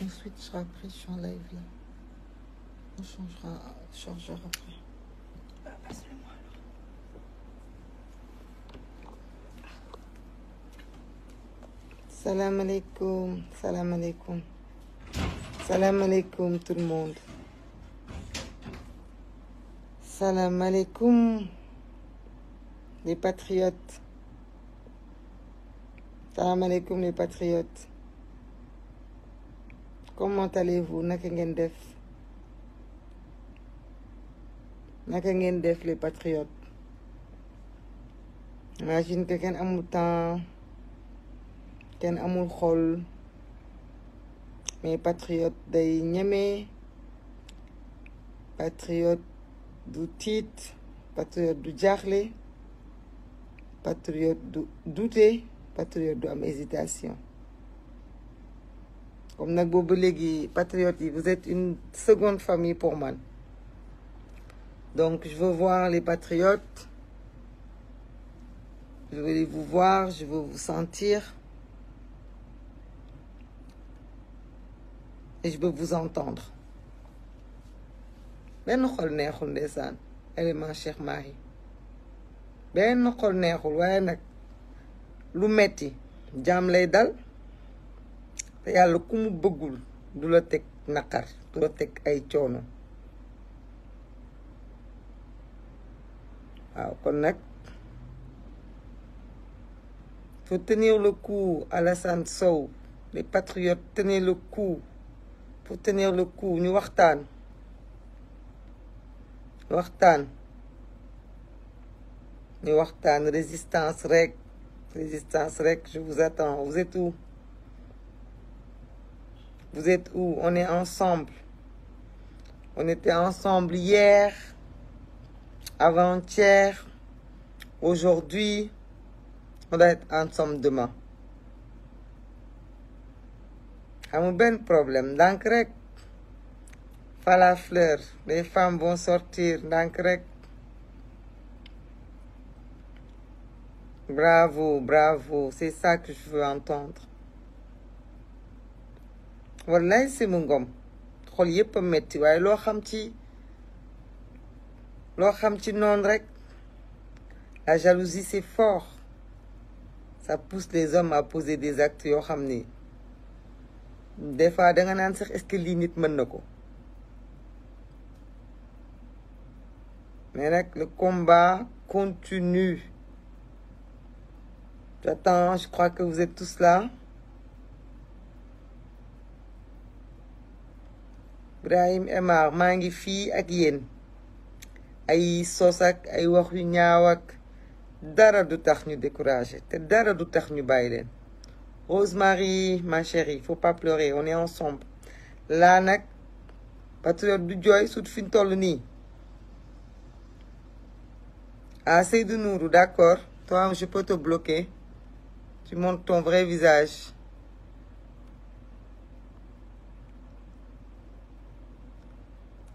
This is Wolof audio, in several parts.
je serai pris je suis en live là. On changera, changera après. Bah, moi alors. Salam alaikum, salam alaikum. Salam alaikum tout le monde. Salam alaikum les patriotes. Salam alaikum les patriotes comment allez-vous naka ngeen les patriotes imagine que amul temps patriotes, amul xol mais patriote patriotes patriote du titre. patriotes du Patriotes du douter patriote de hésitation comme nag patriote, patriotes vous êtes une seconde famille pour moi. donc je veux voir les patriotes je veux vous voir je veux vous sentir et je veux vous entendre Ben xol neexul ndeysaan élément Cheikh Ben benn xol dal te yalla a le bëggul tek la teg tek la ay coono waaw kon nag faut tenir le coup Alassane sansou les patriotes tenez le coup pour tenir le coup ñu waxtaan waxtaan ñu waxtaan résistance rek résistance rek je vous attends vous êtes où vous êtes où On est ensemble. On était ensemble hier, avant-hier, aujourd'hui. On doit être ensemble demain. un bon problème. Donc, pas la fleur. Les femmes vont sortir. le Bravo, bravo. C'est ça que je veux entendre wallaay si mu ngom xol yépp a metti waaye loo xam ci loo xam ci noonu rek la jalousie c'est fort ça pousse les hommes à poser des actes des fois danga naan sax est-ce que lii nit mën na mais le combat continue j'attends je crois que vous êtes tous là Ibrahim Emar mangi fi fii ak sosak, ay sos ak ay wax yu ñaaw dara du tax ñu dara Rosemary ma chérie faut pas pleurer on est ensemble Lanak, patriot patriote du joy sut ton ñu toll ah, d'accord toi je peux te bloquer tu montres ton vrai visage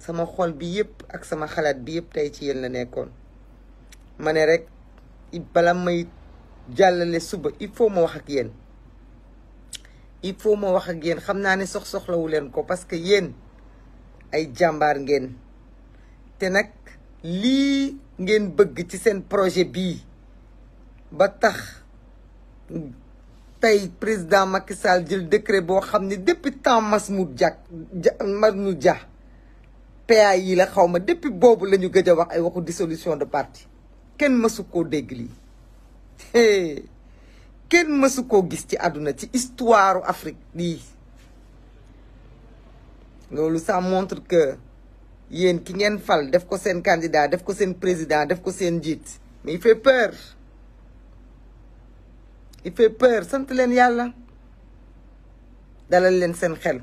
sama xol bi yëpp ak sama xalaat bi yëpp tay ci yéen la nekkoon mané rek bala may jallale suba il faut ma wax ak yeen il faut ma wax ak yeen xamna ne sox wu len ko parce que yeen ay jambar ngeen té nak li ngeen bëgg ci sen projet bi ba tax tay président Macky Sall jël décret bo xamni depuis temps Masmoud Diak Dia PA yi la xaw ma depuis boobu lañu ñu gëj a wax ay waxu dissolution de parti kenn mësu koo dégg lii kenn mësu koo gis ci àdduna ci histoire Afrique lii loolu ça montre que yéen ki ngeen fal def ko seen candidat def ko seen président def ko seen njiit mais il fait peur il fait peur sant leen yàlla dalal leen seen xel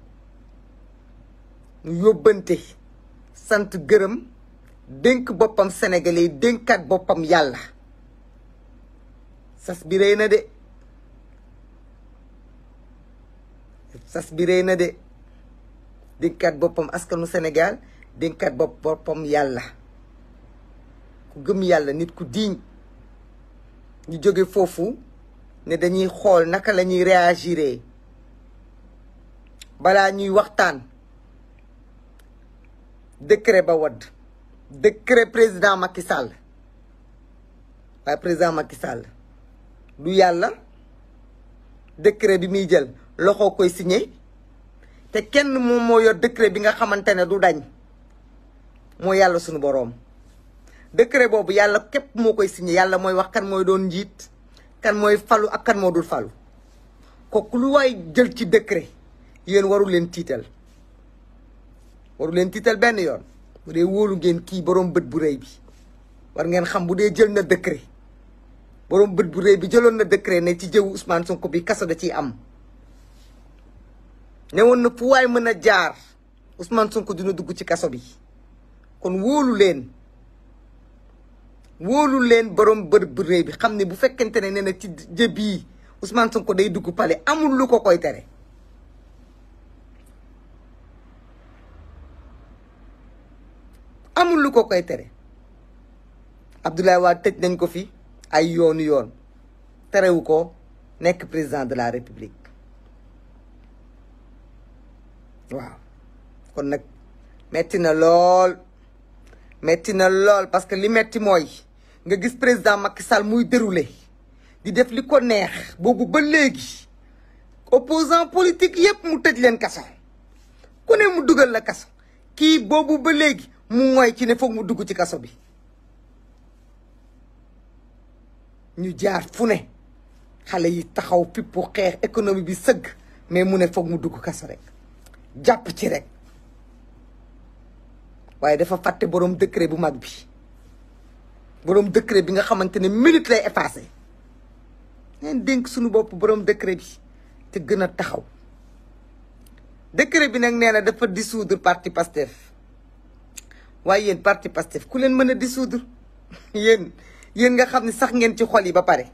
yóbbante sant gërëm dénk boppam sénégalais dénkaat boppam yàlla sas bi rëy na de sas bi rëy na de dénkaat boppam askanu Sénégal dénkaat bopp boppam yàlla ku gëm yàlla nit ku diiñ ñu jóge foofu ne dañuy xool naka lañuy ñuy réagiré balaa ñuy waxtaan décret ba wadd décret président Macky Sall waaye président Macky du yàlla décret bi muy jël loxoo koy signé te kenn moom moo yor décret bi nga xamante ne du dañ moo yàlla sunu boroom décret boobu yàlla képp moo koy signé yàlla mooy wax kan mooy doon njiit kan mooy falu ak kan moo dul falu kooku lu waay jël ci décret yéen warul leen tiital waru len tital ben yoon bude dee ngeen ki borom beut bu reey bi war ngeen xam bude dee jël na décret borom beut bu reey bi jëloon na décret ne ci jëwu Ousmane Sonko bi kassa da ci am ne woon na fu way meuna jaar Ousmane Sonko dina dugg ci kaso bi kon wolu len wolu len borom beut bu reey bi xam ne bu fekkentene ne na ci jëb Ousmane Sonko day dugg pale amul lu ko koy tere amul lu ko koy tere Abdoulaye Wade tëj nañ ko fi ay yoonu yoon terewu ko nekk président de la république waaw kon nag metti na lool metti na lool parce que li metti mooy nga gis président Macky Sall muy déroulé di def li ko neex boobu ba léegi opposant politique yépp mu tëj leen kaso ku mu dugal la kaso kii boobu ba léegi mu mooy ci ne foog mu dugg ci kaso bi ñu jaar fu ne xale yi taxaw fippu xeex économie bi sëgg mais mu ne foog mu dugg kaso rek jàpp ci rek waaye dafa fàtte boroom décret bu mag bi boroom décret bi nga xamante ne minute lay effacé neen dénk suñu bopp boroom décret bi te gën a taxaw décret bi nag nee na dafa dissoudre parti Pastef waaye yéen parti Pastef ku leen mën a dissoudre yéen yéen nga xam ne sax ngeen ci xol yi ba pare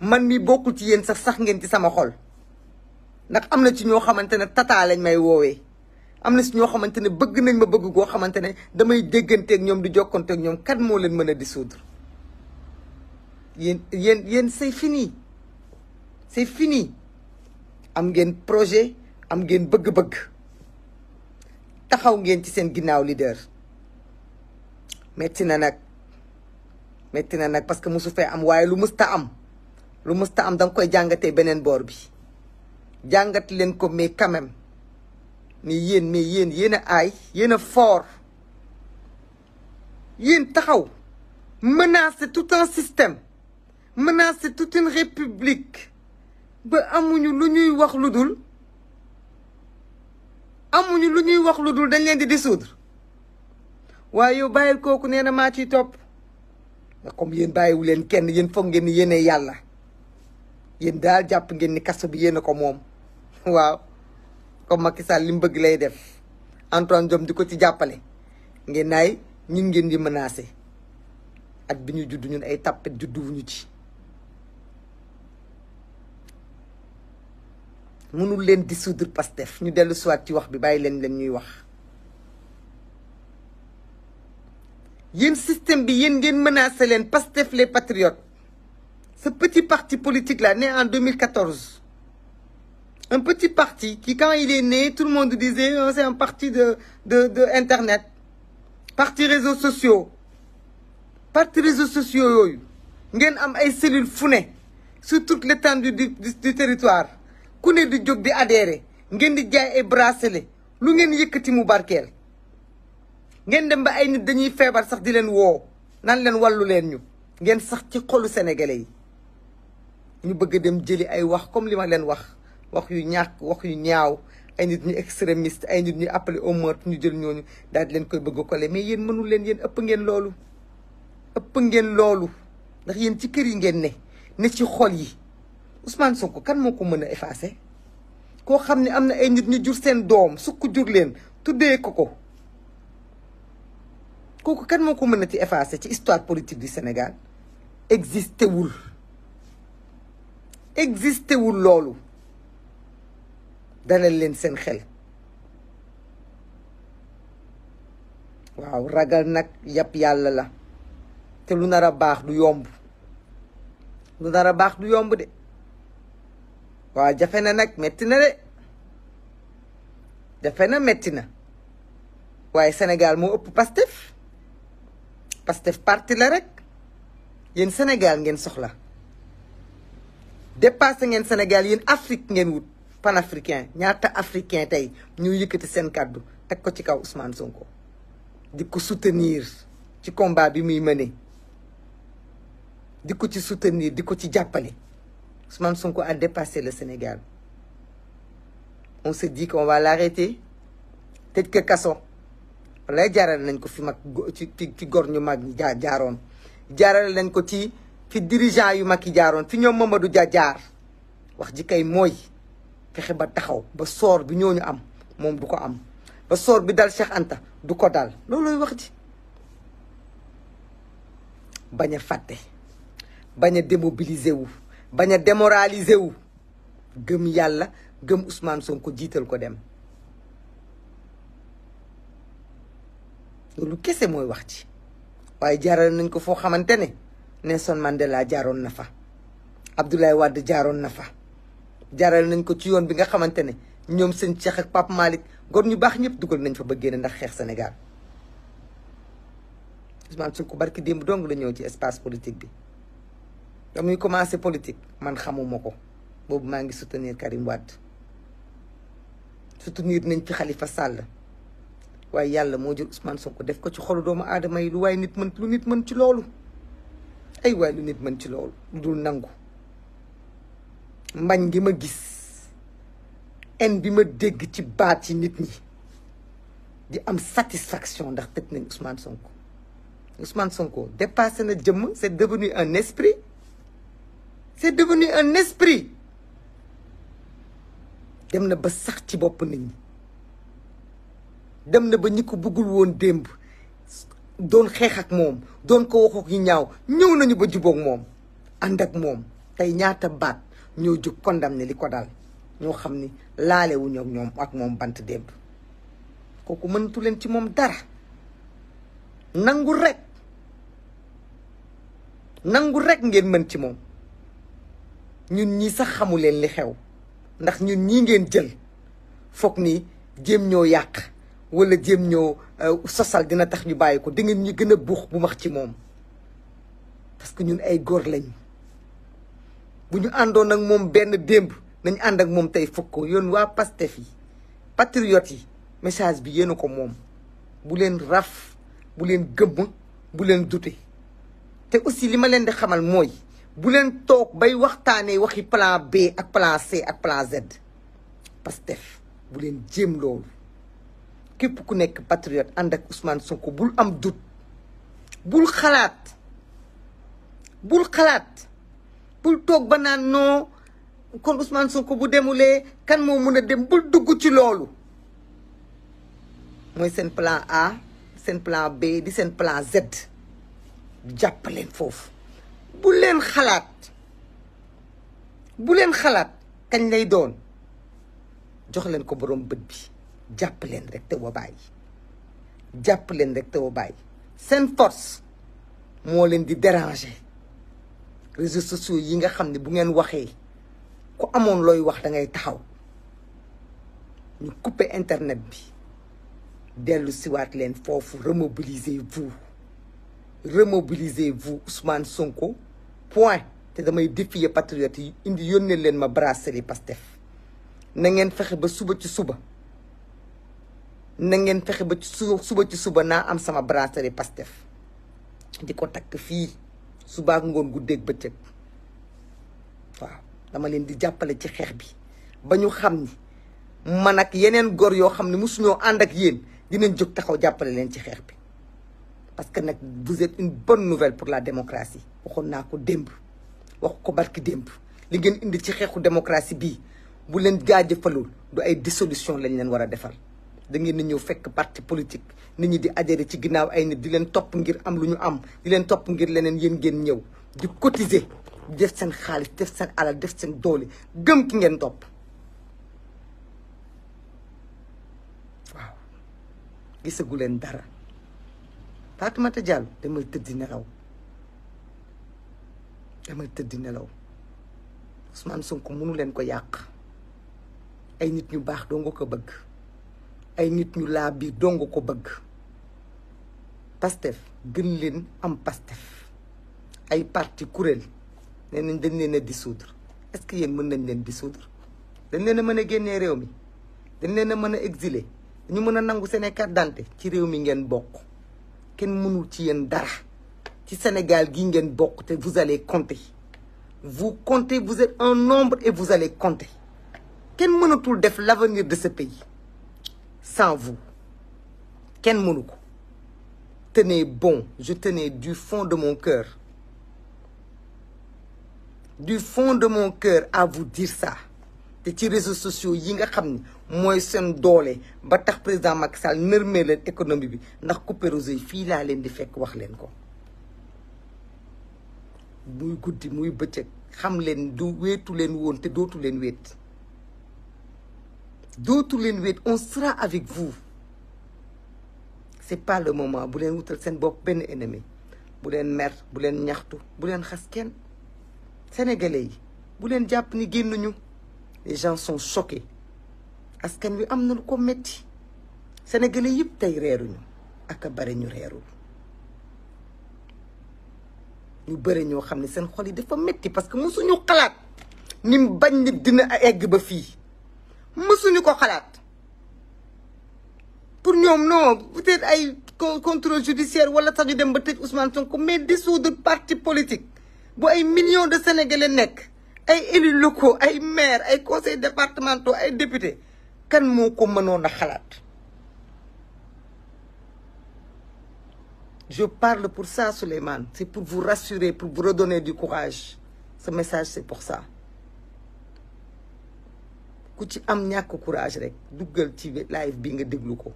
man mi bokkul ci yéen sax sax ngeen ci sama xol ndax am na ci ñoo xamante ne tata lañ may woowee am na si ñoo xamante ne bëgg nañ ma bëgg goo xamante ne damay dégganteeg ñoom di jokkanteeg ñoom kan moo leen mën a dissoudre yéen yéen yéen c'est fini c'est fini am ngeen projet am ngeen bëgg-bëgg taxaw ngeen ci seen ginnaaw leader metti na nag metti na nag parce que musu fee am waaye lu musta am lu musta am danga koy jàngatee beneen boor bi jàngat leen ko mais quand même mais yéen mais yéen yéen a aay yéen a fort yéen taxaw menacer tout un système menacer toute une république ba amuñu lu ñuy wax lu dul amuñu lu ñuy wax lu dul dañ leen di dissoudre waaye yow bàyyil kooku nee na maa ciy topp comme yéen bàyyiwu leen kenn yéen foog ngeen ni yàlla yéen daal jàpp ngeen ni kaso bi yéene ko moom waaw comme Macky Sall li bëgg lay def Antoine Diome di ko ci jàppale ngeen naay ñun ngeen di menacé at bi ñuy judd ñun ay tappet judduwuñu ci mënul leen di dissoudre Pastef ñu dellu soit ci wax bi bàyyi leen leen ñuy wax un système bi un système menacé leen Pastef les patriotes ce petit parti politique là né en 2014 un petit parti qui quand il est né tout le monde disait oh, c'est un parti de de de internet parti réseaux sociaux parti réseaux sociaux Il y am ay cellules founé sur toute l'étendue du du territoire ku des di qui di adhéré ngeen di jay et bracelet lu ngeen yëkkati mu Barkel. ngeen dem ba ay nit dañuy feebar sax di leen woo nan leen wàllu leen ñu ngeen sax ci xolu sénégalais yi ñu bëgg dem jëli ay wax comme li ma leen wax wax yu ñàkk wax yu ñaaw ay nit ñu extrémiste ay nit ñu appelé au meurtre ñu jël ñooñu daal di leen koy bëgg ko kole mais yéen mënul leen yéen ëpp ngeen loolu ëpp ngeen loolu ndax yéen ci kër yi ngeen ne ne ci xol yi Ousmane Sonko kan moo ko mën a effacé koo xam ne am na ay nit ñu jur seen doom sukk jur leen tuddee ko ko kooku kan moo ko mën a ci effacer ci histoire politique du Sénégal existé wul existé wul loolu dalal leen seen xel waaw ragal nag yapp yàlla la te lu nar a baax du yomb lu nar a baax du yomb de waaw jafe na nag metti na de jafe na metti na waaye Sénégal moo ëpp Pastef Parce Pastef parti la rek yeen Sénégal ngeen soxla dépassé ngeen Sénégal yeen Afrique ngeen wut panafricain ñaata africain tay ñu yëkëti un Sénégal tek ko ci kaw Ousmane Sonko di soutenir ci combat bi muy mené di ci soutenir di ci jappalé Ousmane Sonko a dépassé le Sénégal on se dit qu'on va l'arrêter être que casson lay jaarale nañ ko fi mag ci ci góor ñu mag ñi jaa jaaroon jaarale nañ ko ci fi dirigeant yu mag yi jaaroon fi ñoom Mamadou Dia jaar wax ji kay mooy fexe ba taxaw ba soor bi ñooñu am moom du ko am ba soor bi dal Cheikh Anta du ko dal loolooy wax ji bañ a fàtte bañ a démobiliser wu bañ a démoraliser wu gëm yàlla gëm Ousmane ko jiital ko dem loolu kese mooy wax ci waaye jaaral nañ ko foo xamante ne Nelson Mandela jaaroon na fa Abdoulaye Wade jaaroon na fa jaaral nañ ko ci yoon bi nga xamante ne ñoom seen Cheikh ak Pape Malick góor ñu baax ñëpp dugal nañ fa bëggee ne ndax xeex Sénégal Ousmane Sonko barki démb dong la ñëw ci espace politique bi damuy commencé politique man xamuma ko boobu maa ngi soutenir Karim Wade soutenir nañ ci xalifa sàll waaye yalla mo jël Ousmane Sonko def ko ci xolu doomu aadama yi lu waaye nit man lu nit man ci lolu ay waaye lu nit man ci lolu dul nangu mbagn gi ma gis en bi ma dégg ci baat ci nit ni di am satisfaction ndax tek nañ Ousmane Sonko Ousmane Sonko dépassé na jëmm c'est devenu un esprit c'est devenu un esprit dem na ba sax ci bop nit dem na ba ñi ko bëggul woon démb doon xeex ak moom doon ko wax ak yu ñaaw ñëw nañu ba jubook moom ànd ak moom tey ñaata baat ñoo jóg condamné li ko daal ñoo xam ni laale wu ñoom ñoom ak moom bant démb kooku mënatu leen ci moom dara nangu rek nangu rekk ngeen mën ci moom ñun ñii sax xamu leen li xew ndax ñun ñii ngeen jël foog ni jéem ñoo yàq wala jéem ñoo euh, sosal dina tax ñu bàyyi ko di ngeen ñu gën a buux bu max ci moom parce que ñun ay góor lañ bu ñu àndoon ak moom benn démb nañ ànd ak moom tey fukk ko yoon waa Pastef yi patriotes yi message bi yéen ko moom bu leen raf bu leen gëmm bu leen dute te aussi li ma leen di xamal mooy bu leen toog bay waxtaanee waxi plan B ak plan C ak plan Z Pastef bu leen jéem loolu képp ku nekk patriote ànd ak Ousmane Sonko bul am doute bul xalaat bul xalaat bul toog ba naan non kon Ousmane Sonko bu demulee kan moo mun a dem bul dugg ci loolu mooy seen plan A seen plan B di seen plan Z jàpp leen foofu bu leen xalaat bu leen xalaat kañ lay doon jox leen ko boroom bët bi jàpp leen rek te wo baye jàpp rek te wo baye sen force mo len di déranger réseaux sociaux yi nga bu ngeen waxee ku amone loy wax da ngay taxaw couper internet bi le siwaat len remobilisez-vous remobilisez-vous Ousmane Sonko point te damay défier patriote indi yónnee len ma bracelet Pastef na ngeen fexé ba suba ci suba na fexé ba ci suba ci suba na am sama brasserie Pastef diko tak fi suba ngone goudé ak bëccëg wa dama len di jappalé ci xeex bi bañu xamni man ak yenen gor yo xamni ne mosuñoo ak yéen dinañ taxaw jappalé len ci xeex bi parce que nak vous êtes une bonne nouvelle pour la démocratie waxoon naa ko demb wax ko barki demb li ngeen indi ci xeexu démocratie bi bu leen falul du ay dissolution lañ len wara défal da ngeen di ñëw fekk parti politique nit ñi di adhéré ci ginnaaw ay nit di leen topp ngir am lu ñu am di leen topp ngir leneen yéen ngeen ñëw di cotiser def seen xaalis def seen alal def seen doole gëm ki ngeen topp waaw gisagu leen dara Fatoumata Diallo damay tëddi nelaw damay tëddi nelaw Ousmane Sonko mënu leen ko yàq ay nit ñu baax doo nga ko bëgg ay nit ñu la bi dong ko bëgg pastef gën leen am pastef ay parti courel né nañ dañ leen dissoudre est-ce que yéen mën nañ leen dissoudre dañ leen mëna mën réew mi dañ leen mëna exiler nangu seen carte d'identité ci réew mi ngeen bokk ken mënul ci yeen dara ci Sénégal gi ngeen bokk te vous allez compter vous comptez vous êtes un nombre et vous allez compter kenn mënatul def l'avenir de ce pays sans vous Ken mënu tenez bon je tenais du fond de mon cœur du fond de mon cœur à vous dire ça te ci réseaux sociaux yi nga xam sem mooy seen ba tax président Macky Sall nërmee leen économie bi ndax coupé réseau yi fii laa di fekk wax leen ko muy guddi muy bëccëg xam leen du weetu leen woon te dootu dootu les nuits, on sera avec vous c'est pas le moment bu leen wutal seen bopp benn ennemi bu leen mer bu leen ñaxtu bu leen xas sénégalais yi bu leen jàpp ni génnuñu les gens sont choqués askan wi am na lu ko metti sénégalais yip tey reeruñu ak a bare ñu reerul ñu bëri ñoo xam ne seen xol yi dafa metti parce que mosuñu xalaat ni bañ nit dina egg ba mësuñu ko xalaat pour nous, non peut-être ay contrôle judiciaire wala taxu dem ba tëj Ousmane Sonko mais dissoudre parti politique bu ay millions de sénégalais nek ay élus locaux ay maires ay conseils départementaux ay députés kan moko ko Je parle pour ça, Souleymane. C'est pour vous rassurer, pour vous redonner du courage. Ce message, c'est pour ça ku ci am ñàkk courage rek duggal ci live bi nga déglu ko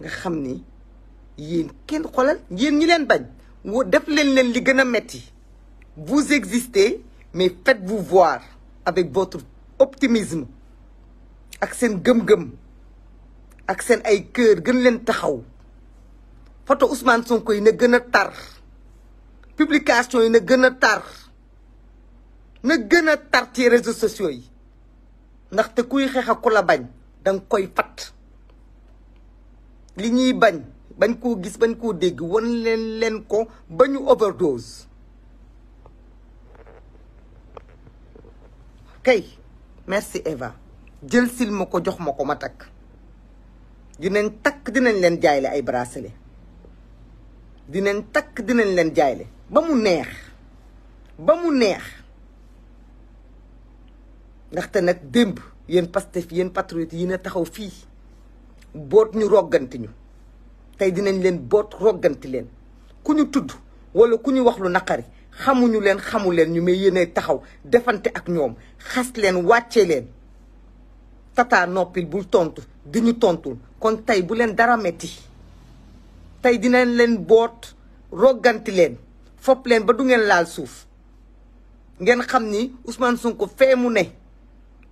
nga xamni yeen kenn xolal yeen ñi leen bañ def leen leen li gëna metti vous existez mais faites-vous voir avec votre optimisme ak seen gëm-gëm ak seen ay cœur gën leen taxaw photo Ousmane Sonko yi na gëna tar publication yi na gëna tar nga gën a tar ci sociaux yi ndaxte kuy xeex ak ku bañ dang koy fat li ñuy bañ bañ koo gis bañ koo dégg wan leen leen ko ba ñu overdose kay merci Eva jël silma ko jox ma ko ma takk dinañ takk dinañ leen jaayle ay bracelet dinañ takk dinañ leen jaayle ba mu neex ba mu neex ndaxte nag démb yéen Pastef yéen patriote yi ne taxaw fii boot ñu rogganti ñu tey dinañ leen boot rogganti leen ku ñu tudd wala ku ñu wax lu naqari xamuñu leen xamu leen ñu may yéenay taxaw defante ak ñoom xas leen wàcce leen tata noppil bul tontu di ñu tontul kon tey bu leen dara metti tey dinañ leen boot roganti leen fopp leen ba du ngeen laal suuf ngeen xam ni Ousmane Sonko fee mu ne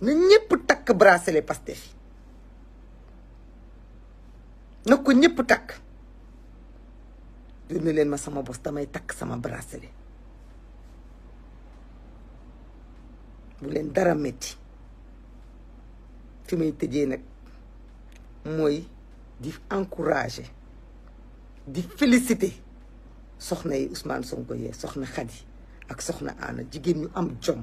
na ñëpp takk bracelet Pastef yi na ko ñëpp takk yónnee leen ma sama bos tamay takk sama bracelet bu leen dara metti fi may tëjee nag mooy di encourager di féliciter soxna yi Ousmane Sonko yee soxna Khady ak soxna Anna jigéen ñu am jom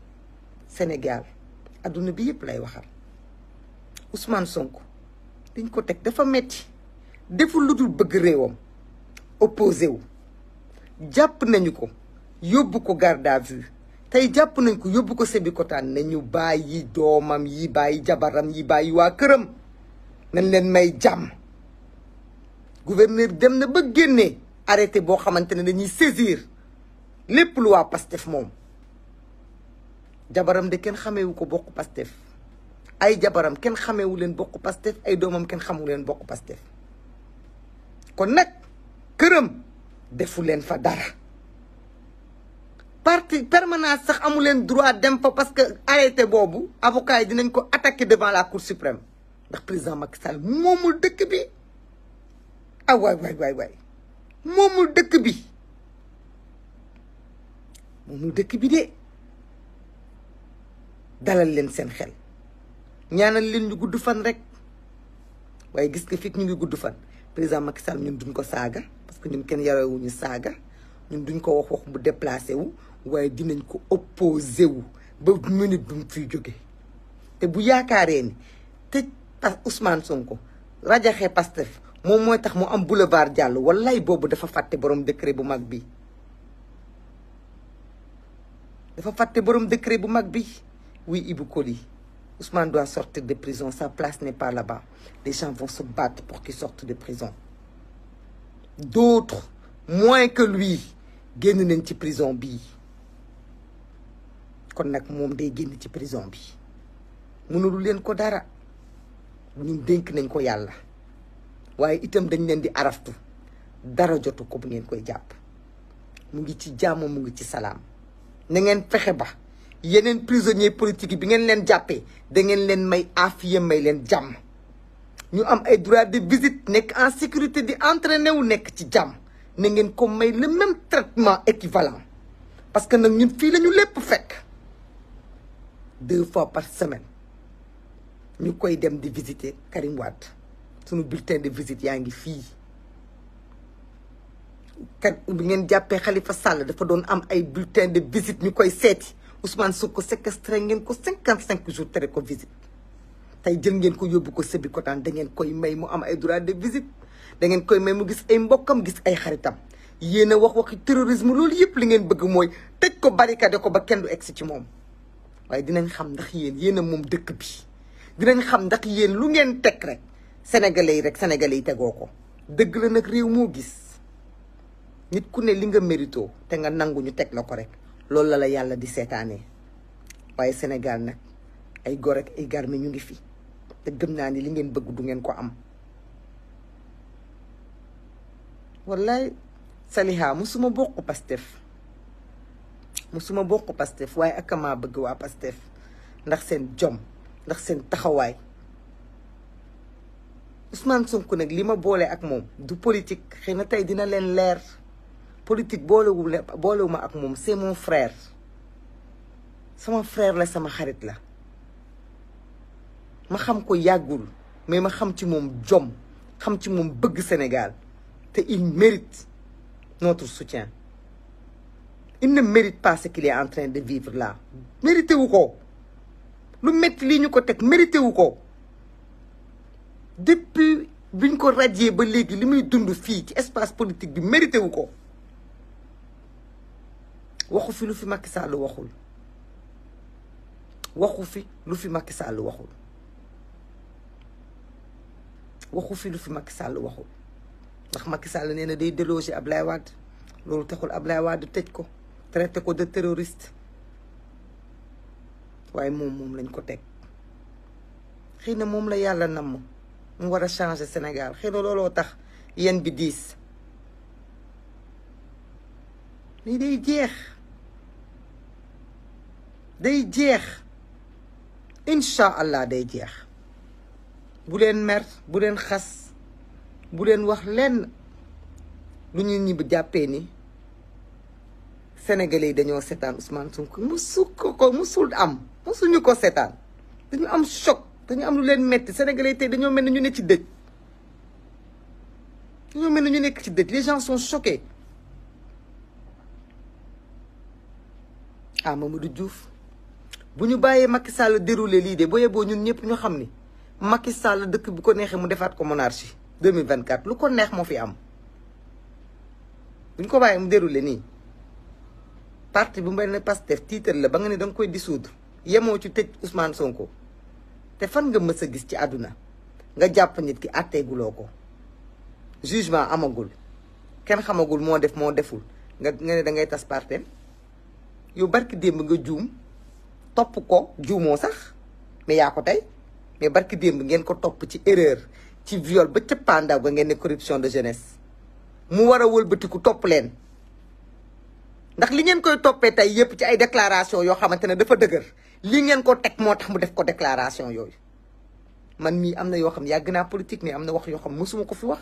Sénégal adduna bi yëpp lay waxal Ousmane Sonko dañ ko teg dafa metti deful lu dul bëgg réewam opposé jàpp nañu ko yóbbu ko garde à vue tey jàpp nañ ko yóbbu ko na ñu bàyyi doomam yi bàyyi jabaram yi bàyyi waa këram nañ leen may jàmm gouverneur dem na ba génne arrêté boo xamante ne dañuy saisir lépp lu waa Pastef moom jabaram de ken xameewu ko bokk pastef ay jabaram ken xamewu len bokku pastef ay domam ken xamu len bokku pastef kon nak keureum defu len fa dara parti permanence sax amu len droit dem fa parce que arrêté bobu avocat yi dinañ ko attaquer devant la cour suprême ndax président Macky Sall momul dëkk bi ah way way way waay dëkk bi momul dëkk bi de dalal leen seen xel ñaanal leen ñu gudd fan rek waaye gis nga fii ñu ngi gudd fan président Macky Sall ñun duñ ko saaga parce que ñun kenn yarewuñu saaga ñun duñ ko wax wax bu wu waaye dinañ ko opposé wu ba minute bu mu fiy jóge te bu yaakaaree ni tëj pas Ousmane Sonko rajaxe Pastef moom mooy tax mu am boulevard jàll wallaay boobu dafa fàtte boroom décret bu mag bi dafa fàtte borom décret bu mag bi Oui, Koli, Ousmane doit sortir de prison. Sa place n'est pas là-bas. Les gens vont se battre pour qu'il sorte de prison. D'autres, moins que lui, gagnent une ci prison bi kon que day une prison bi ko dara ñun ko yalla. itam dañ araftu dara ko bu yeneen prisonniers politiques bi ngeen len jappé da ngeen len may afiyé may len jam ñu am ay droit de visite nek en sécurité di entraîner wu nek ci jam né ngeen ko may le même traitement équivalent parce que nak ñun fi lañu lepp lépp fekk deux fois par semaine ñu koy dem di visiter Karim Wade sunu bulletin de visite yaangi fi kat bi ngeen jappé Khalifa Sall dafa doon am ay bulletin de visite ñu koy seeti Ousmane Sonko séquestré ngén ko 55 jours téré ko visite tay jël ngén ko yobbu ko Sébikotane da ngén koy may mu am ay droit de visite da ngén koy may mu gis ay mbokam gis ay xaritam yéna a wax waxi terrorisme lool yépp li ngén bëgg moy tëj ko barricade ko ba kenn du egsi ci mom waye dinañ xam ndax yeen yéna mom dëkk bi dinañ xam ndax yeen lu ngén tek rek sénégalais rek sénégalais la nak réew mo gis nit ku ne li nga mérito té nga nangu ñu tek la rek loolu la la yàlla di seetaane waaye Sénégal nag ay góor ak ay garmi ñu ngi fi te gëm naa ni li ngeen bëgg du ngeen ko am wallaay Saliha musuma bokk Pastef musuma bokk Pastef waaye ak maa bëgg waa Pastef ndax seen jom ndax seen taxawaay Ousmane Sonko nag li ma boole ak moom du politique xëy na tey dina leen leer politique boolewul boolewuma ak mom c'est mon frère sama frère la sama xarit la ma xam ko yagoul mais ma xam ci mom jom xam ci mom bëgg Sénégal te il mérite notre soutien il ne mérite pas ce qu'il est en train de vivre là mérité wu ko lu métti li ñu ko teg mérité wu ko depuis biñ ko radier ba légui limuy dund fi ci espace politique bi mérité wu ko waxu fi lu fi Macky Sall waxul waxu fi lu fi Macky Sall waxul waxu fi lu fi Macky Sall waxul ndax Macky Sall nee na day déloger Ablaye Wade loolu taxul Ablaye Wade tëj ko traité ko de terroriste waaye moom moom lañ ko teg xëy na moom la yàlla namm mu war a changer Sénégal xëy na looloo tax yéen bi diis lii day jeex day jeex incha allah day jeex bu leen mer bu leen xas bu leen wax lenn lu ñu ñibbi jàppee ni sénégalais yi dañoo seetaan Ousmane Sonko musu ko ko musul am musuñu ko seetaan dañu am choc dañu am lu leen metti sénégalais tey dañoo mel ni ñu ne ci dëj dañoo mel ni ñu nekk ci dëj les gens sont choqués ah du juuf bu ñu bàyyee Macky sàll déroulé lii de boo yeboo ñun ñëpp ñu xam ni Macky sàll dëkk bu ko neexee mu defaat ko monarchie 2024 lu ko neex moo fi am bu ñu ko bàyyee mu déroulé nii parti bu mel ne Pastef tiital la ba nga ne danga koy dissoudre yemoo ci tëj Ousmane Sonko te fan nga mës a gis ci àdduna nga jàpp nit ki àtteeguloo ko jugement amagul kenn xamagul moo def moo deful nga nga ne da ngay tas partem yow barki démb nga juum. top ko djumo sax mais ya ko tay mais barki demb ngeen ko top ci erreur ci viol ba ci panda ba ngeen ne corruption de jeunesse mu war a wëlbatiku top len ndax li ngeen koy topé tay yépp ci ay déclaration yo xamantene dafa deuguer li ngeen ko tek motax mu def ko déclaration yoy man mi amna yo yoo xam ne politique mais amna wax yo xam musuma ko fi wax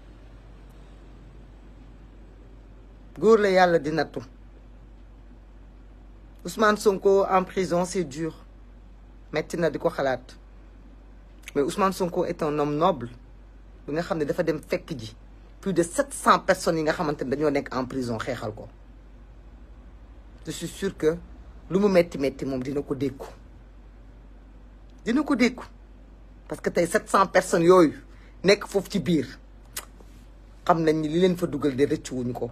góor la yalla dina tu Ousmane Sonko en prison c'est dur metti na di ko mais Ousmane Sonko est un homme noble bi nga xam dafa dem fekk ji plus de 700 personnes yi nga xamantene ne nek en prison xéxal ko je suis sûr que lu mu metti metti mom dina ko dékku dina ko dékku parce que tay 700 personnes yoy nek foofu ci bir xamnañ ni li len fa dugal de rëccuwuñ ko.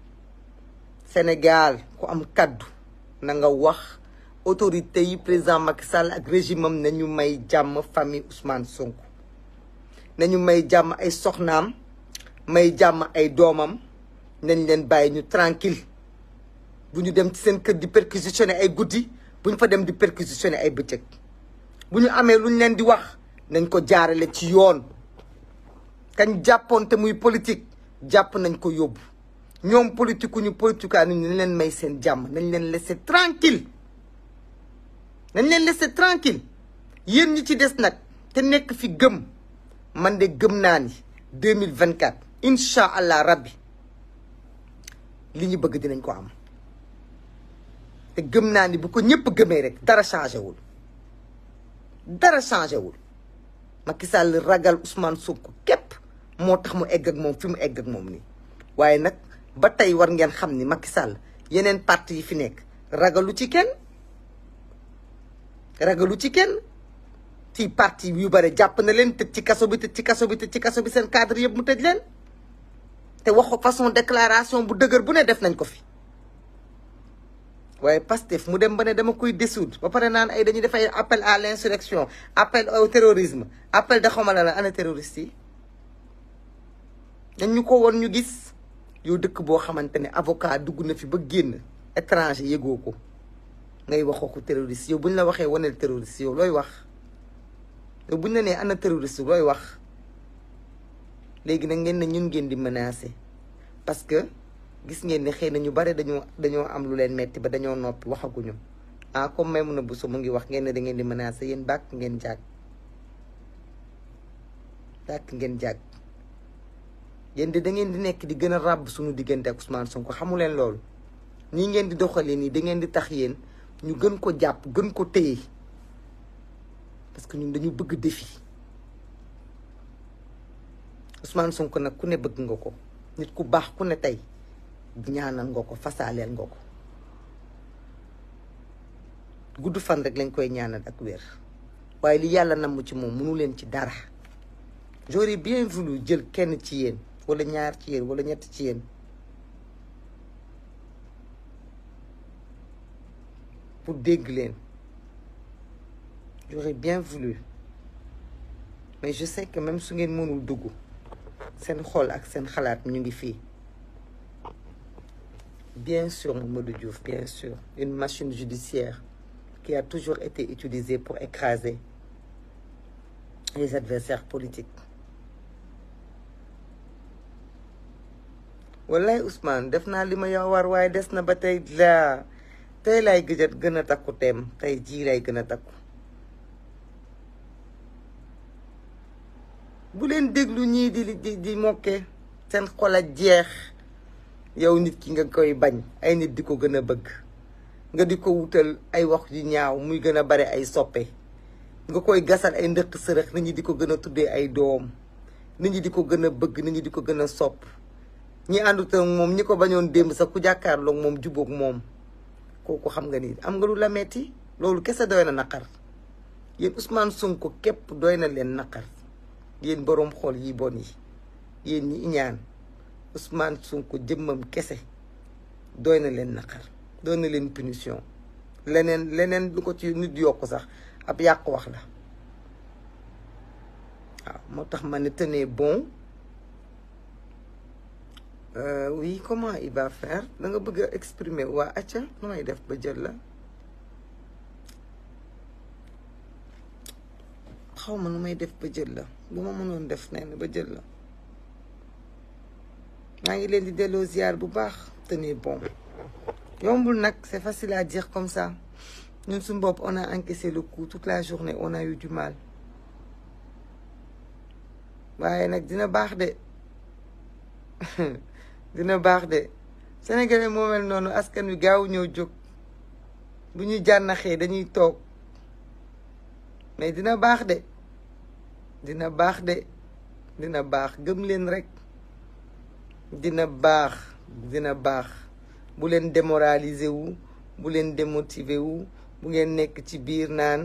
Sénégal ku am kàddu na wax autorité yi président mak Sall ak régime nañu may jàmm famille Ousmane Sonko nañu may jàmm ay soxnaam may jàmm ay doomam nañ leen bàyyi ñu tranquille bu ñu dem ci seen kër di perquisitionner ay guddi bu ñu fa dem di perquisitionner ay bëccëg bu ñu amee lu ñu leen di wax nañ ko jaarale ci yoon kañ jàppoon te muy politique jàpp nañ ko yóbbu ñoom politique ñu politique ñu nañ leen may seen jàmm nañ leen laisser tranquille nañ leen laisser tranquille yéen ñi ci des nag te nekk fi gëm man de gëm naa ni deux mille vingt quatre incha allah rabbi li ñu bëgg dinañ ko am gëm naa ni bu ko ñëpp gëmee rek dara changé wul dara changé wul Macky Sall ragal Ousmane Sonko képp moo tax mu egg moom fi mu egg moom nii waaye nag. ba tey war ngeen xam ni Macky Sall yeneen parti yi fi nekk ragalu ci kenn ragalu ci kenn ci parti yu bare jàpp na leen tëj ci kaso bi tëj ci kaso bi ci kaso bi seen cadre yëpp mu tëj leen te waxu façon déclaration bu dëgër bu ne def nañ ko fi waaye Pastef mu dem ba ne dama koy dissoudre ba pare naan ay dañuy def ay appel à l'insurrection appel au terrorisme appel da xamala la ana terroriste yi dañ ko woon ñu gis yow dëkk bo xamantene avocat dugg na fi ba génn étranger yëgoo ko ngay waxoo ko terroriste yow buñ la waxee waneel terroriste yow looy wax yow buñ la nee ana terroriste looy wax léegi nag ngeen ne ñun ngeen di menacer parce que gis ngeen ne xëy na ñu bare dañoo dañoo am lu leen metti ba dañoo noppi waxaguñu ah comme Maimouna Bousso mu ngi wax ngeen ne da ngeen di menacer yéen bàkk ngeen bàkk ngeen yéen de da ngeen di nekk di gën a ràbb suñu diggante ak Ousmane Sonko xamu leen loolu nii ngeen di doxalee nii da ngeen di tax yéen ñu gën ko jàpp gën ko téye parce que ñun dañu bëgg défi Ousmane Sonko nag ku ne bëgg nga ko nit ku baax ku ne tey ñaanal nga ko fasaaleel nga ko gudd fan rek lañ koy ñaanal ak weer waaye li yàlla namm ci moom mënu leen ci dara j'aurais bien voulu jël kenn ci yéen pour dégler, j'aurais bien voulu mais je sais que même su ngeen mënul dugg seen xol ak seen xalaat ñu ngi bien sûr bien sûr une machine judiciaire qui a toujours été utilisée pour écraser les adversaires politiques wallaay usmaan def naa li ma yow war waaye des na ba tey laa tey laay gëjat gën a takku teem tey jii lay gën a takku bu leen déglu ñii di di di mokke seen xol a jeex yow nit ki nga koy bañ ay nit di ko gën a bëgg nga di ko wutal ay wax yu ñaaw muy gën a bare ay soppe nga koy gasal ay ndëq sërëx nit ñi di ko gën a tuddee ay doom nit ñi di ko gën a bëgg nit ñi di ko gën a sopp ñi àndut ak moom ñi ko bañoon démb sax ku jàkkaarloog moom jubóog moom kooku xam nga ni am nga lu la metti loolu kese doy na naqar yéen Ousmane Sonko képp doy na leen naqar yéen boroom xool yi bon yi yéen ñi iñaan Ousmane Sonko jëmmam kese doy na leen naqar doy na leen punition leneen leneen lu ko ci nit yokk sax ab yàqu wax la waaw moo tax ma ne tenez bon Euh, oui comment il va faire da nga exprimer waa acca nu def la Je ne la vais pas def bon c'est facile à dire comme ça Nous, sommes on a encaissé le coup toute la journée on a eu du mal Je dina baax de dina baax de sénégalais moo mel noonu askan wi gaaw ñëw jóg bu ñu jànnaxee dañuy toog mais dina baax de dina baax de dina baax gëm leen rek dina baax dina baax bu leen démoraliser wu bu leen démotiver wu bu ngeen nekk ci biir naan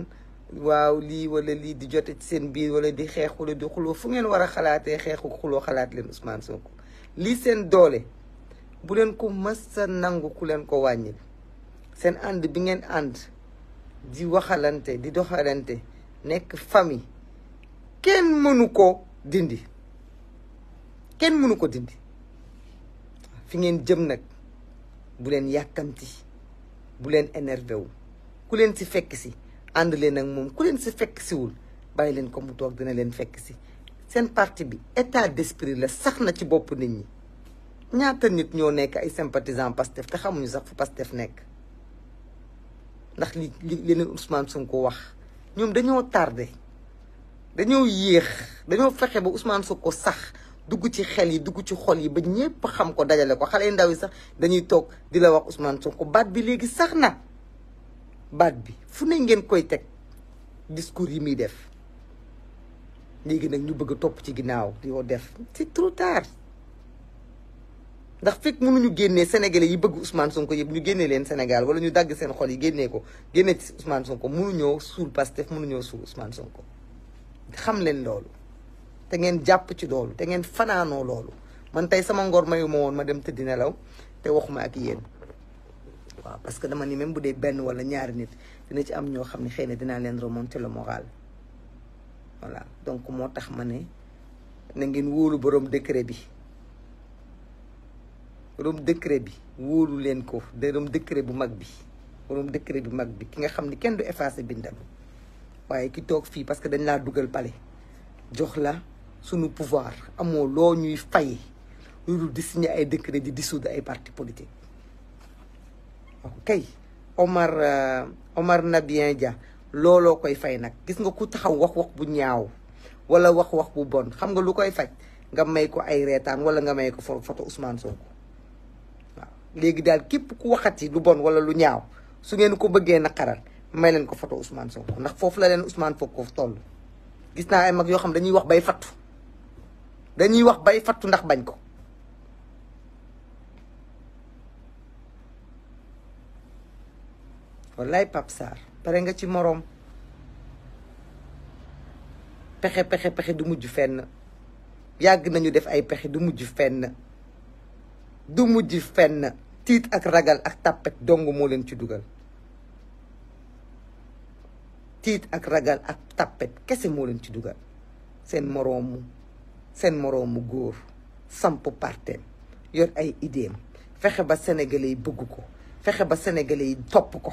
waaw lii wala lii di jote ci seen biir wala di xeex wala di xuloo fu ngeen war a xalaatee xeexu xuloo xalaat leen Ousmane ko lii seen doole bu leen ko mësa nangu ku leen ko wàññil seen ànd bi ngeen ànd di waxalante di doxalante nekk famille kenn mënu ko dindi kenn mënu ko dindi fi ngeen jëm nag bu leen yàkkamti bu leen énervé wu ku leen si fekk si ànd leen ak moom ku leen si fekk siwul bàyyi leen ko mu toog dina leen fekk si seen parti bi état d'esprit la sax na ci bopp nit ñi ñaata nit ñoo nekk ay sympathisant Pastef te xamuñu sax fu Pastef nekk ndax lii li leneen Ousmane Sonko wax ñoom dañoo tardé dañoo yéex dañoo fexe ba Ousmane ko sax dugg ci xel yi dugg ci xol yi ba ñépp xam ko dajale ko xale ndaw yi sax dañuy toog dina wax wax Ousmane ko baat bi léegi sax na baat bi fu ne ngeen koy teg discours yi muy def léegi nag ñu bëgg a topp ci ginnaaw di ko def c'est trop tard ndax fekk mënuñu génne sénégalais yi bëgg Ousmane Sonko yëpp ñu génne leen Sénégal wala ñu dàgg seen xol yi génnee ko génne ci Ousmane Sonko mënuñoo suul Pastef mënuñoo suul Ousmane ko xam leen loolu te ngeen jàpp ci loolu te ngeen fanaanoo loolu man tey sama ngor mayu ma woon ma dem tëdd nelaw te waxuma ak yéen waaw parce que dama ni même bu dee benn wala ñaari nit dina ci am ñoo xam ne xëy na dinaa leen remonter le moral voilà donc moo tax ma ne na ngeen wóolu boroom décret bi boroom décret bi wóolu leen ko boroom décret bu mag bi boroom décret bu mag bi ki nga xam ni kenn du effacé bindam waaye ki toog fii parce que dañ laa dugal palais jox la sunu pouvoir amoo loo ñuy fay lu dul di signer ay décret di dissoudre ay parti politique ok Omar euh, Omar Nabien Dia looloo koy fay nag gis nga ku taxaw wax-wax bu ñaaw wala wax-wax bu bon xam nga lu koy faj nga may ko ay reetaan wala nga may ko photo Ousmane Sonko waaw léegi daal képp ku waxati lu bon wala lu ñaaw su ngeen ko bëggee naqaral may leen ko photo Ousmane Sonko ndax foofu la leen Ousmane Sonko toll gis naa ay mag yoo xam dañuy wax bay fattu dañuy wax bay fattu ndax bañ ko wallaay Pape Sarr pare nga ci moroom pexe pexe pexe du mujj fenn yàgg nañu def ay pexe du mujj fenn du mujj fenn tiit ak ragal ak tàppet dong moo leen ci dugal tiit ak ragal ak tàppet kese moo leen ci dugal seen moroomu seen moroomu góor samp parte yor ay idéem fexe ba sénégalais yi bëgg ko fexe ba sénégalais yi topp ko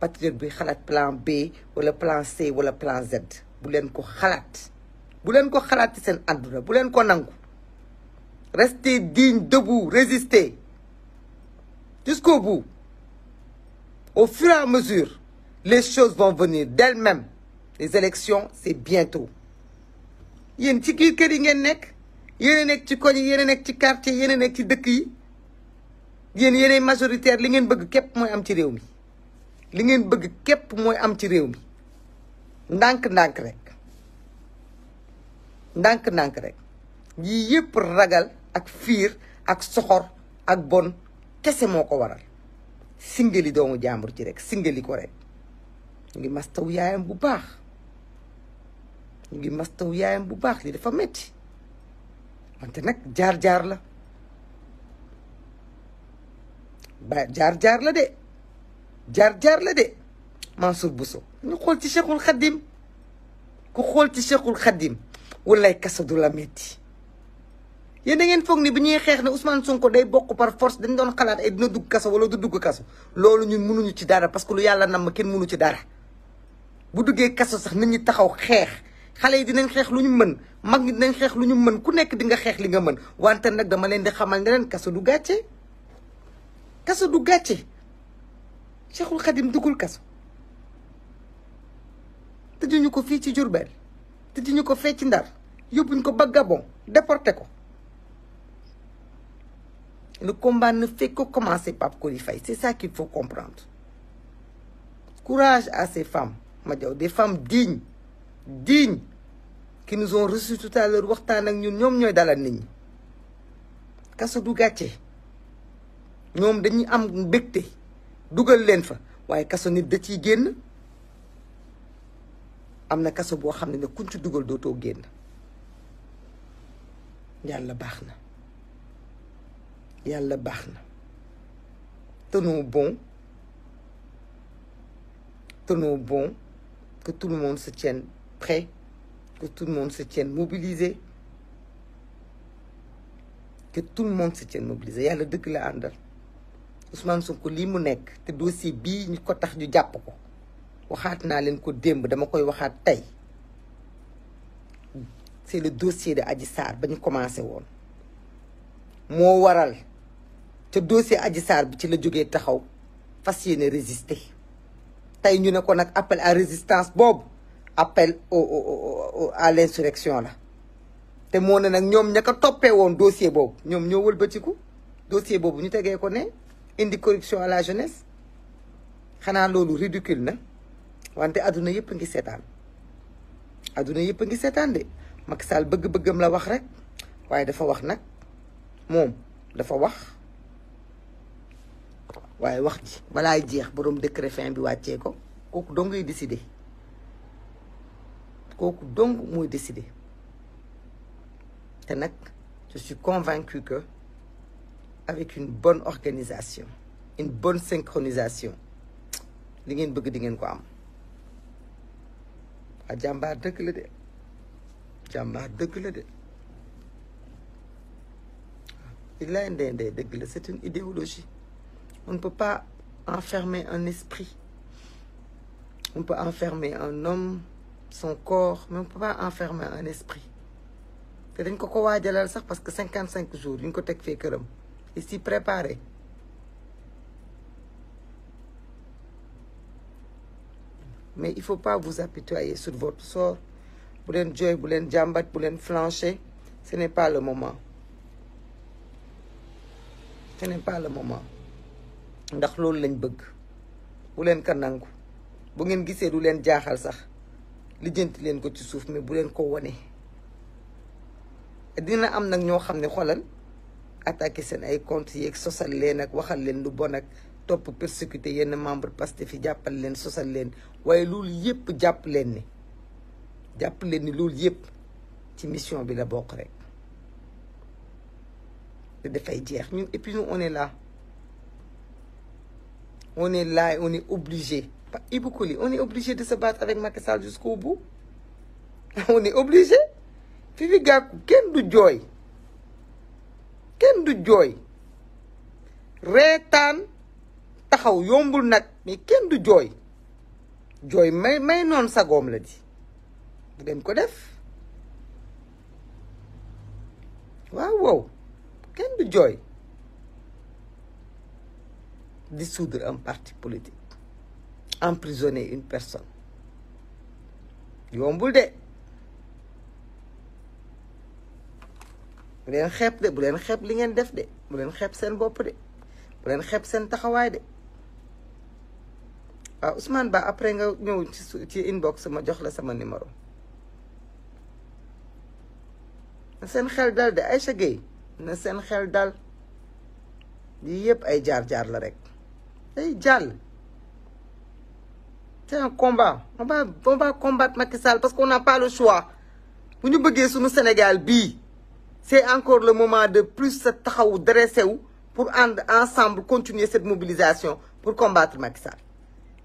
patriote bi xalaat plan B wala plan C wala plan Z bu leen ko xalaat bu leen ko xalaat ci sen àdduna bu ko nangu restez digne debout résistez jusqu'au bout au fur et à mesure les choses vont venir d'elles-mêmes les élections c'est bientôt yéen ci kii keri yi ngeen nekk yéen a ci koñ yene nek a ci quartier yene a ci deuk yi yene yene majoritaire li ngeen bëgg kep moy am ci réew mi li ngeen bëgg képp mooy am ci réew mi ndànk-ndànk rek ndànk-ndànk rek yii yépp ragal ak fiir ak soxor ak bon kese moo ko waral singali doomu jàmbur ci rek singali ko rek ngi mastaw yaayam bu baax ngi mastaw yaayam bu baax li dafa metti wante nag jaar-jaar la ba jaar-jaar la de jaar-jaar la de Mansour Bousso ñu xool ci Cheikhul Khadim ku xool ci Cheikhul Khadim wallaay kaso du la metti yéen da ngeen foog ni bi ñuy xeex ne Ousmane Sonko day bokk par force dañ doon xalaat ay dina dugg kaso wala du dugg kaso loolu ñun munuñu ci dara parce que lu yàlla nam ma kenn mënu ci dara bu duggee kaso sax nit ñi taxaw xeex xale yi dinañ xeex lu ñu mën mag ñi dinañ xeex lu ñu mën ku nekk di nga xeex li nga mën wante nag dama leen di xamal ne leen kaso du gàcce kaso du gàcce Cheikhul Khadim duggul kaso tëjuñu ko fii ci Diourbel tëjuñu ko fee Ndar yóbbuñ ko ba Gabon déporté ko le combat ne fait que commencer Pape Coly c'est ça qu'il faut comprendre courage à ces femmes des femmes dignes dignes qui nous ont reçus tout à l'heure waxtaan ak ñun ñoom ñooy dalal nit ñi kaso du Nous sommes dañuy am mbégte dugal len fa waye kasso nit da ci génn amna kasso kaso boo ne ne kuñ ci dugal dootoo génn yalla baxna na yàlla bon. bon bon que tout le monde se tienne prêt que tout le monde se tienne mobilisé que tout le monde se tienne mobilisé yalla deug la andal Ousmane ko lii mu nekk te dossier bii ñu ko tax ñu jàpp ko waxaat naa leen ko démb dama koy waxaat tey c'est le dossier de aji saar ba ñu commencé woon moo waral te dossier Adji Sarr bi ci la jógee taxaw fas yéene résister tey ñu ne ko nag appel à résistance boobu appel au au à l'insurrection la te moo ne nag ñoom ña toppee woon dossier boobu ñoom ñoo wëlbatiku dossier boobu ñu tegee ko ne indi corruption à la jeunesse xanaa lolu ridicule na wante aduna yëpp ngi sétane aduna yëpp ngi sétane de Macky Sall bëgg-bëggam la wax rek waye dafa wax nak mom dafa wax waye wax ci balaay jeex borom décret fin bi wàccee ko kooku dong ngay décider kooku dong moy décider té nak je suis convaincu que avec une bonne organisation une bonne synchronisation ah, a ah, c'est une idéologie on ne peut pas enfermer un esprit on peut enfermer un homme son corps mais on ne peut pas enfermer un esprit C'est une idéologie parce que 55 jours une ne fait que l'homme et s'y préparer. Mais il ne faut pas vous apitoyer sur votre sort. Vous l'en joy, vous l'en jambat, vous l'en flancher. Ce n'est pas le moment. Ce n'est pas le moment. ndax loolu l'en bëgg bu l'en kanangu. nangu bu ngeen gisee du leen jaaxal sax lijjanti leen ko ci suuf mais bu l'en ko wone dina am nag ñoo xam ne xoolal attaquer seen ay compte sosal len ak waxal les lu bon ak membre fi jappal len sosal len lool japp len ni la rek et puis nous on est là on est là et on est obligé on est obligé de se battre avec Macky Sall jusqu'au bout on est obligé Fifi Gaku, du joy kenn du joy, reetaan taxaw yombul nak mais kenn du joy, joy, may may non sagoom la di bu dem ko def waaw wow kenn du joy, dissoudre un parti politique emprisonner une personne yombul de bulen xeb de bulen xeb li ngeen def de bulen xeb sen bop de bulen xeb sen taxaway de Ousmane ah, Ba après nga ñew ci ci inbox ma jox la sama numéro na xel dal de Aïcha gay na sen xel dal lii yëpp ay jaar-jaar la rek ay jall c'est un combat on va on va combattre Macky Sall parce qu'on n'a pas le choix bu ñu suñu Sénégal bi c'est encore le moment de plus se taxawu dresser pour ànd ensemble continuer cette mobilisation pour combattre Macky Sall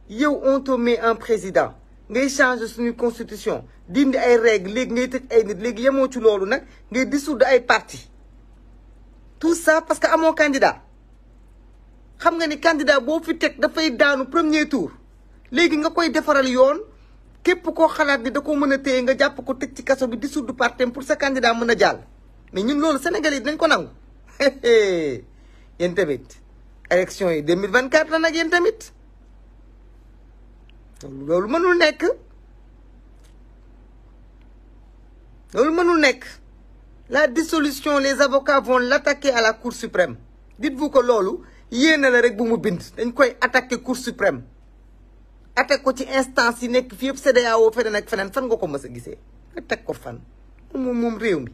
yow on te met un président ngay changer suñu constitution dindi ay règles léegi ngay des ay nit léegi yemoo ci dissoudre ay parti tout ça parce que amoo candidat xam nga ni candidat boo fi teg dans le premier tour léegi nga koy defaral yoon képp koo xalaat ni da ko mën a téye nga jàpp ko teg ci kaso bi le parti pour ce candidat mën a mais ñun loolu Sénégalais, yi dinañ ko nangu yéen tamit élection yi 2024 la nag yéen tamit loolu mënul nek. loolu mënul nek. la dissolution les avocats vont l'attaquer à la cour suprême dites-vous que loolu yéena la rek bu mu bind dañ koy attaquer cour suprême attaque ko ci instance yi nek fi yëpp CEDEAO feneen ak feneen fan nga ko mësa a gisee nga ko fan moom mom réew mi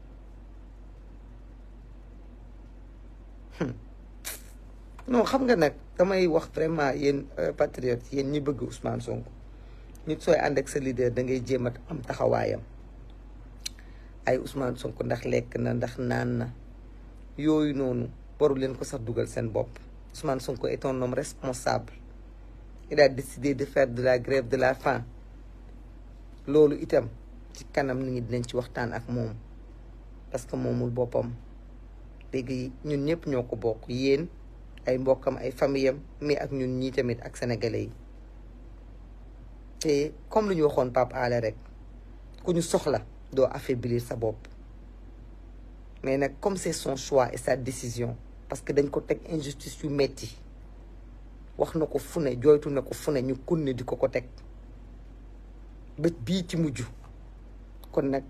No, xam nga nak damay wax vraiment yeen euh, patriote yeen ñi bëgg Ousmane Sonko nit soy and ak sa leader da ngay jëmat am taxawayam ay Ousmane Sonko ndax lek na ndax nan na yoy nonu waru len ko sax duggal sen bop Ousmane Sonko est un homme responsable il a décidé de faire de la grève de la faim lolu itam ci kanam nit dinañ ci waxtaan ak mom parce que momul bopam léegi ñun ñepp ñoko bok yeen ay mbokam ay famiyam mais ak ñun ñi tamit ak sénégalais yi te comme lu ñu waxoon Pape rek ku ñu soxla do affaiblir sa bop mais nag comme c'est son choix et sa décision parce que dañ ko tek injustice yu metti waxnako fune ko nako fune na ko ñu kunne diko ko tek teg bi ci muju kon nak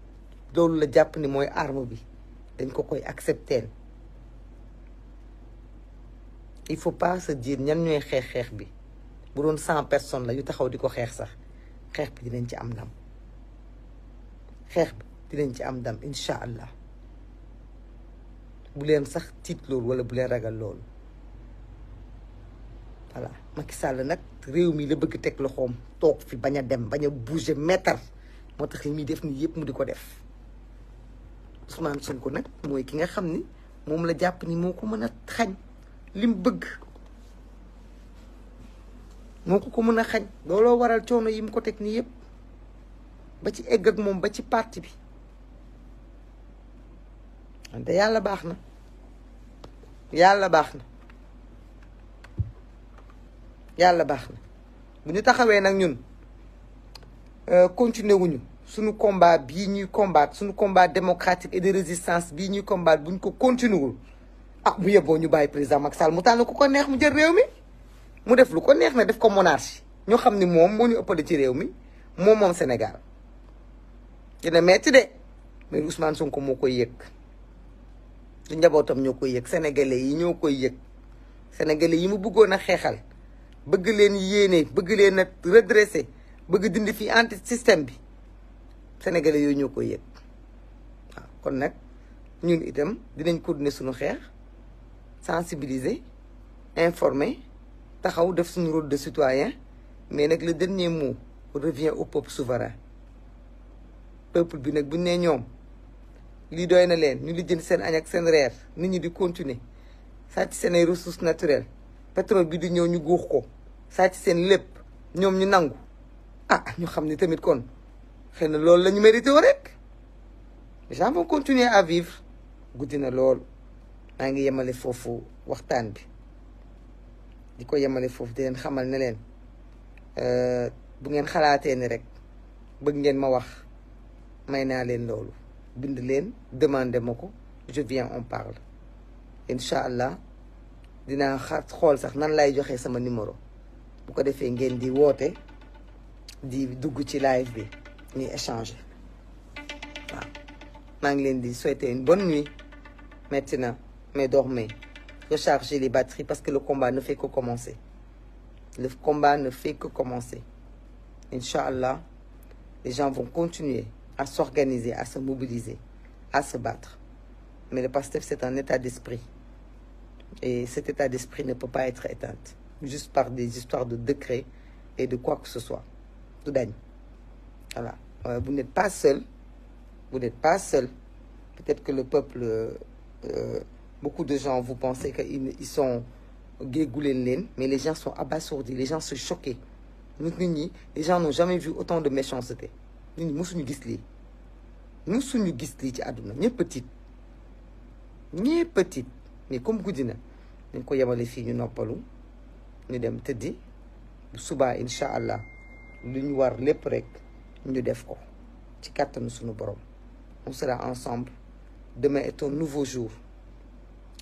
loolu la japp ni moy arme bi dañ ko koy accepter il faut pas sa dire ñan ñooy xeex xeex bi bu doon cent personne la yu taxaw di ko xeex sax xeex bi dinañ ci am ndam xeex bi dinañ ci am ndam incha allah bu leen sax tiit loolu wala bu leen ragal loolu voilà Macky Sall nag réew mi la bëgg teg loxoom toog fi bañ a dem bañ a bouger mètre moo tax li muy def nii yëpp mu di ko def Ousmane ko nag mooy ki nga xam ni moom la jàpp ni moo ko mën a xañ lim bëgg moo ko ko mën a xañ looloo waral coono yi mu ko teg nii yëpp ba ci egg ak moom ba ci parti bi wante yàlla baax na yàlla baax na yàlla baax na bu ñu taxawee nag ñun euh, continuer wuñu suñu combat bii ñuy combat suñu combat démocratique et de résistance bii ñuy combat buñ ko continuer wul ah bu yeboo ñu bàyyi président Macky Sall mu tànn ku ko neex mu jël réew mi mu def lu ko neex na def ko monarchie ñu xam ni moom moo ñu ëppale ci réew mi moom moom Sénégal dina metti de mais Ousmane Sonko moo koy yëg du njabootam ñoo koy yëg sénégalais yi ñoo koy yëg sénégalais yi mu bëggoon a xeexal bëgg leen yéene bëgg leen a redressé bëgg dindi fi anti système bi sénégalais yooyu ñoo koy yëg kon nag ñun itam dinañ continuer suñu xeex sensibiliser informer taxaw def suñu route de citoyen mais nak le dernier mot revient au peuple souverain peuple bi nak buñ né ñom li doyna na ñu li seen sen ak sen reer nit ñi di continuer sàcc seen ay ressources naturelles pétrole bi di ñëw ñu guux ko sàcc sen lepp ñom ñu nangu ah ñu xamni tamit kon xëy na loolu la ñu mérité rek les gens vont continuer à vivre guddi na lool maa ngi yemale foofu waxtaan bi diko ko fofu di len xamal ne euh bu ngeen xalaatee ni rek bëgg ngeen ma wax mayna len leen bind len demander mako je viens on parle inshallah dina dinaa xol sax nan lay joxe sama numéro bu ko defee ngeen di woté di dugg ci live bi ni échanger waaw maa ngi len di souhaiter une bonne nuit metti mais dormez. Rechargez les batteries parce que le combat ne fait que commencer. Le combat ne fait que commencer. Inch'Allah, les gens vont continuer à s'organiser, à se mobiliser, à se battre. Mais le pasteur, c'est un état d'esprit. Et cet état d'esprit ne peut pas être éteint. Juste par des histoires de décrets et de quoi que ce soit. Tout d'un. Voilà. Euh, vous n'êtes pas seul. Vous n'êtes pas seul. Peut-être que le peuple... Euh, euh, Beaucoup de gens, vous pensez qu'ils ils sont mais les gens sont abasourdis, les gens sont choqués. Les gens n'ont jamais vu autant de méchanceté. Nous sommes Nous sommes Nous sommes Nous petite, Mais comme vous dites, nous sommes les filles, nous sommes pas Nous sommes nous sommes, Inch'Allah, nous sommes les prêts. Nous devons. Nous sommes On sera ensemble. Demain est un nouveau jour.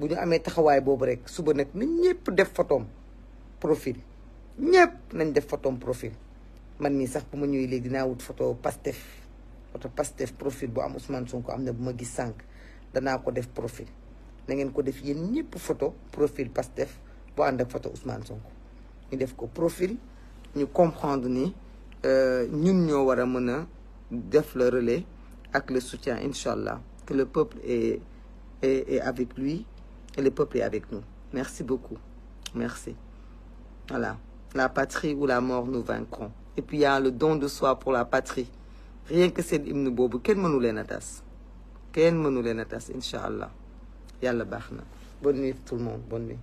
Si vous amee taxawaay rek suba def profil ñepp nañ profil man sax photo pastef photo profil bu Sonko profil photo profil pastef bu photo Ousmane Sonko ñu profil ñu comprendre ni euh, ñun wara le relais le soutien inshallah que le peuple est est avec lui et le peuple est avec nous. Merci beaucoup. Merci. Voilà. La patrie ou la mort, nous vaincrons. Et puis, il y a le don de soi pour la patrie. Rien que c'est l'hymne bobu. Quel nous l'énatas Quel nous l'énatas Inch'Allah. Yalla bahna. Bonne nuit tout le monde. Bonne nuit.